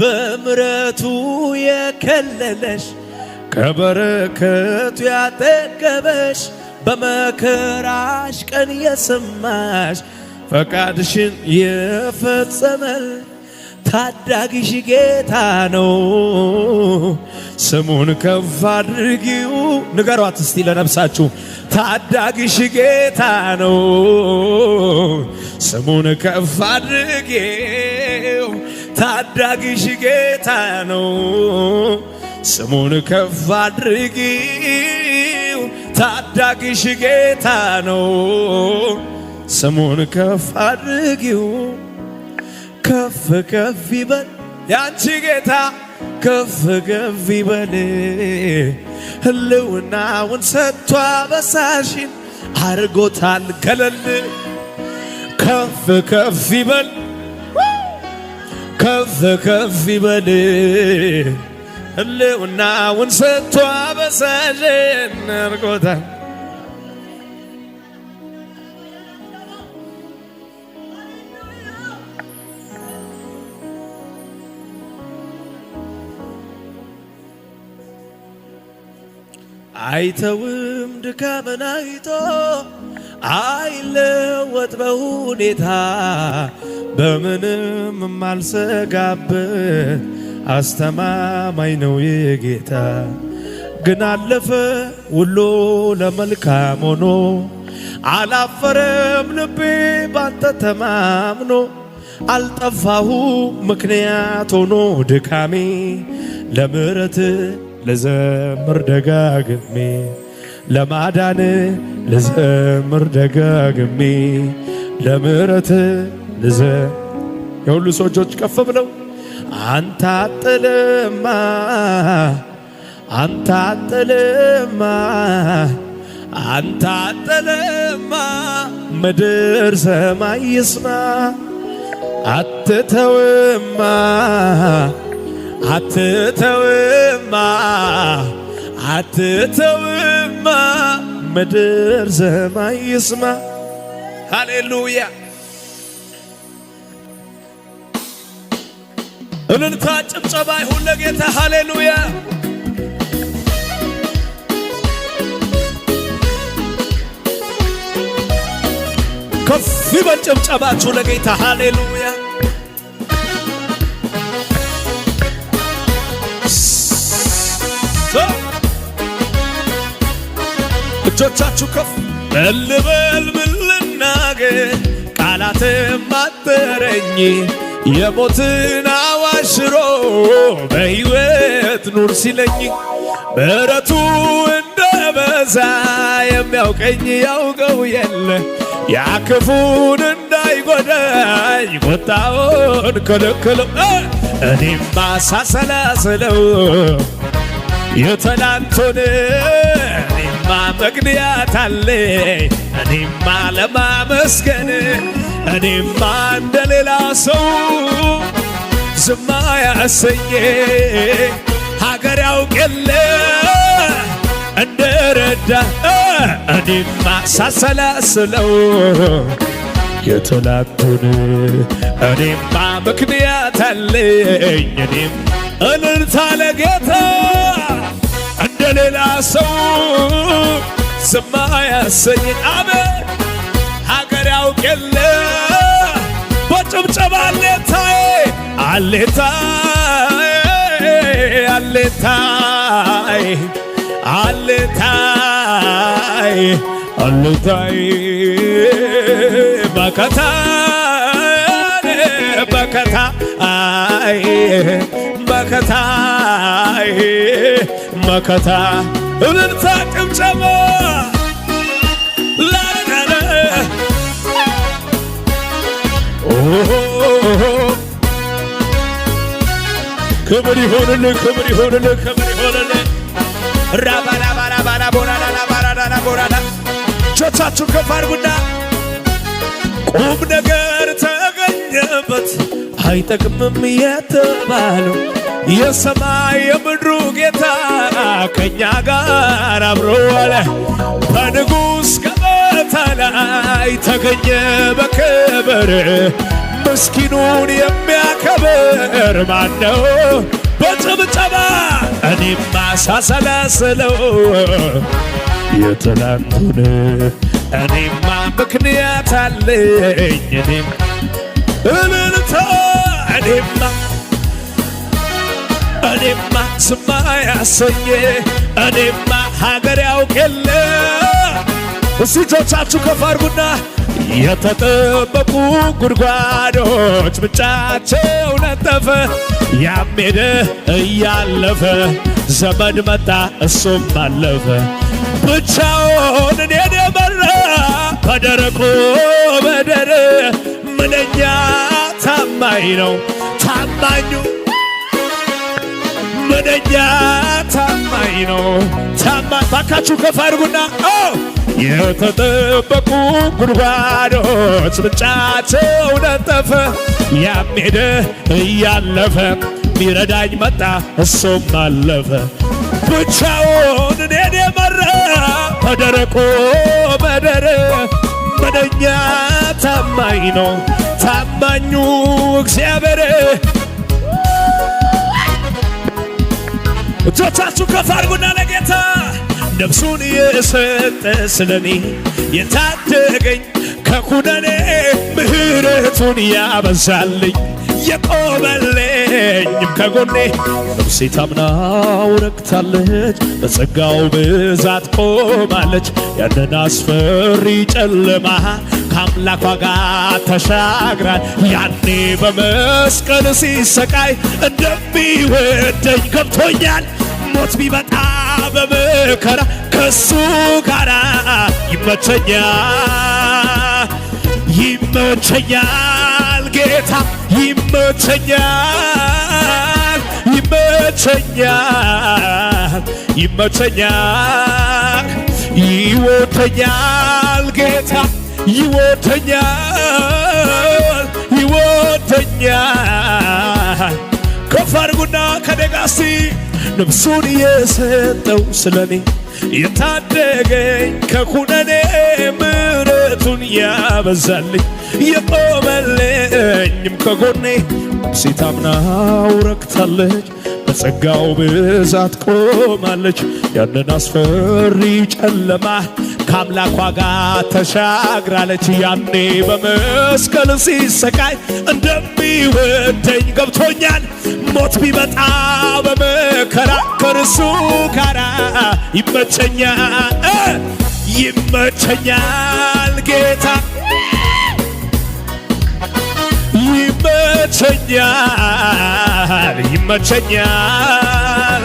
በምረቱ የከለለሽ ከበረከቱ ያጠገበሽ በመከራሽ ቀን የሰማሽ ፈቃድሽን የፈጸመ ታዳጊሽ ጌታ ነው። ስሙን ከፍ አድርጊው ንገሯት እስቲ ለነብሳችሁ ታዳጊሽ ጌታ ነው። ስሙን ከፍ አድርጌ ታዳጊሽ ጌታ ነው፣ ስሙን ከፍ አድርጊው። ታዳጊሽ ጌታ ነው፣ ስሙን ከፍ አድርጊው። ከፍ ከፍ ይበል ያንቺ ጌታ ከፍ ከፍ ይበል። ህልውናውን ሰጥቷ በሳሽን አርጎታል ከለል ከፍ ከፍ ይበል ከፍ ከፍ ይበል ህልውናውን ሰጥቶ አበሰልን እርቆታል አይተውም ድካምን አይቶ አይለወጥ በሁኔታ በምንም ማልሰጋበት አስተማማኝ ነው የጌታ ግን አለፈ ሁሉ ለመልካም ሆኖ አላፈረም ልቤ ባንተ ተማምኖ አልጠፋሁ ምክንያት ሆኖ ድካሜ ለምረት ልዘምር ደጋግሜ ለማዳን ልዘምር ደጋግሜ ለምረት ልዘ የሁሉ ሰዎች ከፍ ብለው አንተ አጥልማ አንተ አጥልማ አንተ አጥልማ ምድር ሰማይ ይስማ አትተውማ አትተውማ አትተውማ ምድር ሰማይ ይስማ ሃሌሉያ እልልታ ጭብጨባ ይሁን ለጌታ ሃሌሉያ። ከፍ ይበል ጭብጨባችሁ ለጌታ ሃሌሉያ። እጆቻችሁ ከፍ የሞትና አበስሮ በሕይወት ኑር ሲለኝ ምሕረቱ እንደ በዛ የሚያውቀኝ ያውቀው የለ ያክፉን ክፉን እንዳይጎዳኝ ቁጣውን ከለከለው። እኔም ማሳሰላስለው የተላንቶን እኔማ መግንያት አለ እኔማ ለማመስገን እኔማ እንደሌላ ሰው ዝማ ያሰኘ ሀገር ያውቅ የለ እንደረዳ እኔማ ሳሰላስለው የተላኩን እኔማ ምክንያት አለኝ እኔም እልልታ ለጌታ እንደ ሌላ ሰው ዝማ ያሰኝ አበ ሀገር ያውቅ የለ በጭብጨባ ሌታዬ አሌታይ አሌታይ አሌታይ አሌታይ በከታ በከታ በከታ እልልታ ጭብጨባ ክብር ይሁንልህ፣ ክብር ይሁንልህ፣ ክብር ይሁንልህ። ራባራባራባራ ቦራዳና ባራዳና ቦራዳ ጆቻችሁን ከፍ አድርጉና ቁም ነገር ተገኘበት አይጠቅምም የተባለው የሰማይ የምድሩ ጌታ ከእኛ ጋር አብሮ አለ። በንጉሥ ገበታ ላይ ተገኘ በክብር ምስኪኑን የሚያከብር ማነው? በጭብጨባ እኔም ማሳሰላስለው የትላንቱን እኔማ ምክንያት አለኝ እኔም እልልታ እኔማ እኔማ ስማ ያሰኘ እኔማ ሀገር ያውቅ የለ እስ እጆቻችሁ ከፍ አድርጉና የተጠበቁ ጉድጓዶች ምንጫቸው ነጠፈ ያም ሄደ እያለፈ ዘመን መጣ እሱም አለፈ ብቻውን እኔን የመራ በደረቁ በደር ምንኛ ታማኝ ነው ታማኙ ምንኛ ታማኝ ነው ታማኝ ባካችሁ ከፍ አድርጉና የተጠበቁ ጉድጓዶች ምንጫቸው ነጠፈ። ያም ሄደ እያለፈ ሚረዳኝ መጣ እሱም አለፈ። ብቻውን እኔን የመራ በደረቁ በደረ መደኛ ታማኝ ነው ታማኙ እግዚአብሔር። እጆቻችሁ ከፍ አድርጉና ለጌታ ነፍሱን የሰጠ ስለኔ የታደገኝ ከኩነኔ ምህረቱን ያበዛልኝ የቆመልኝም ከጎኔ ነፍሴ ታምናው ረክታለች፣ በጸጋው ብዛት ቆማለች። ያንን አስፈሪ ጨለማ ከአምላኳ ጋር ተሻግራል። ያኔ በመስቀል ሲሰቃይ እንደሚወደኝ ገብቶኛል። ሞት ቢመጣ በመከራ ከሱ ጋራ ይመቸኛል ይመቸኛል ጌታ ይመቸኛል ይመቸኛል ይመቸኛል ይወደኛል ጌታ ይወደኛል ይወደኛል ከፍ አድርጉና ከደጋሲ ነፍሱን የሰጠው ስለኔ የታደገኝ ከኩነኔ ምሕረቱን ያበዛልኝ የቆመልኝም ከጎኔ ሴት አምናው ረክታለች በጸጋው ብዛት ቆማለች ያንን አስፈሪ ጨለማ ከአምላኳ ጋር ተሻግራለች። ያኔ በመስቀል ሲሰቃይ እንደሚወደኝ ገብቶኛል ሞት ቢመጣ ከርሱ ጋራ ይመቸኛል ይመቸኛል ጌታ ይመቸኛል ይመቸኛል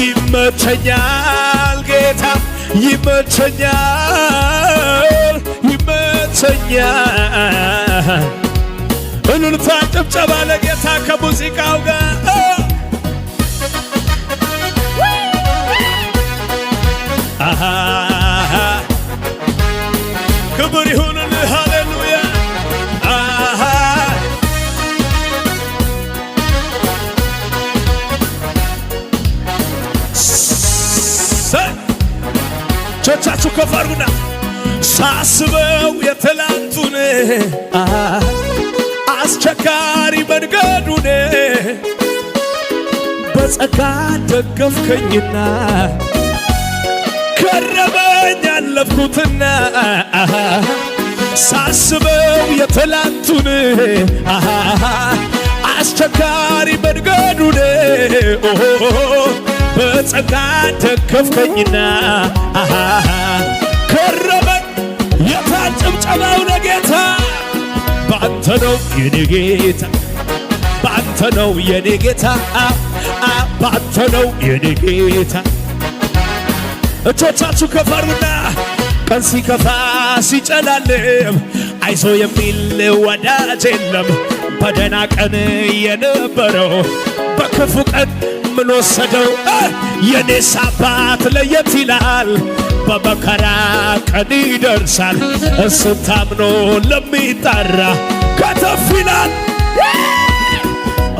ይመቸኛል ጌታ ይመቸኛል ይመቸኛል እልልታ ጭብጨባ ለጌታ ከሙዚቃው ጋር ክብር ይሁንልህ ሃሌሉያ ቾቻችሁ ከፍ አድርጉና ሳስበው የትላንቱን አስቸጋሪ መንገዱን በጸጋ ደገፍከኝና አለፍኩትና ሳስበው የትላንቱን አስቸጋሪ መንገዱን በጸጋ ደገፍከኝና ከረመን የታጭብጨባው ነጌታ በአንተ ነው የኔ ጌታ በአንተ ነው የኔ ጌታ በአንተ ነው የኔ ጌታ እጆቻችሁ ከፈሩና ቀን ሲከፋ ሲጨላልም አይዞ የሚል ወዳጅ የለም። በደና ቀን የነበረው በክፉ ቀን ምን ወሰደው? የኔስ አባት ለየት ይላል። በመከራ ቀን ይደርሳል። እሱን ታምኖ ለሚጠራ ከተፍ ይላል።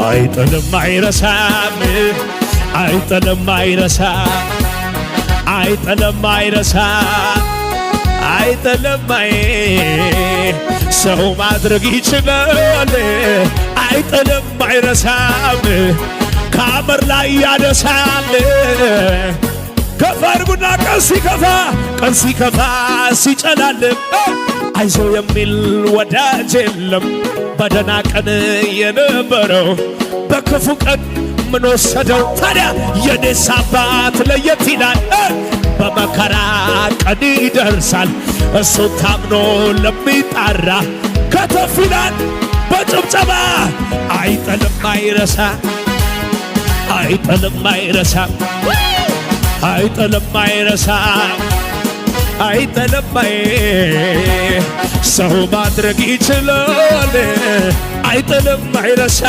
አይጥልም አይረሳም፣ አይጥልም አይረሳም፣ አይጥልም አይረሳም አይጠለማዬ ሰው ማድረግ ይችላል። አይጠለም አይረሳም፣ ከአመር ላይ ያነሳል። ከፍ አድርጉና ቀን ሲከፋ ቀን ሲከፋ ሲጨላልም አይዞ የሚል ወዳጅ የለም። በደና ቀን የነበረው በክፉ ቀን ምን ወሰደው ታዲያ? የኔስ አባት ለየት ይላል በመከራ ቀን ይደርሳል። እሱ ታምኖ ለሚጣራ ከተፍ ይላል በጭብጨባ አይጥልም አይረሳ አይጥልም አይረሳ አይጥልም አይረሳ አይጥልም ሰው ማድረግ ይችላል አይጥልም አይረሳ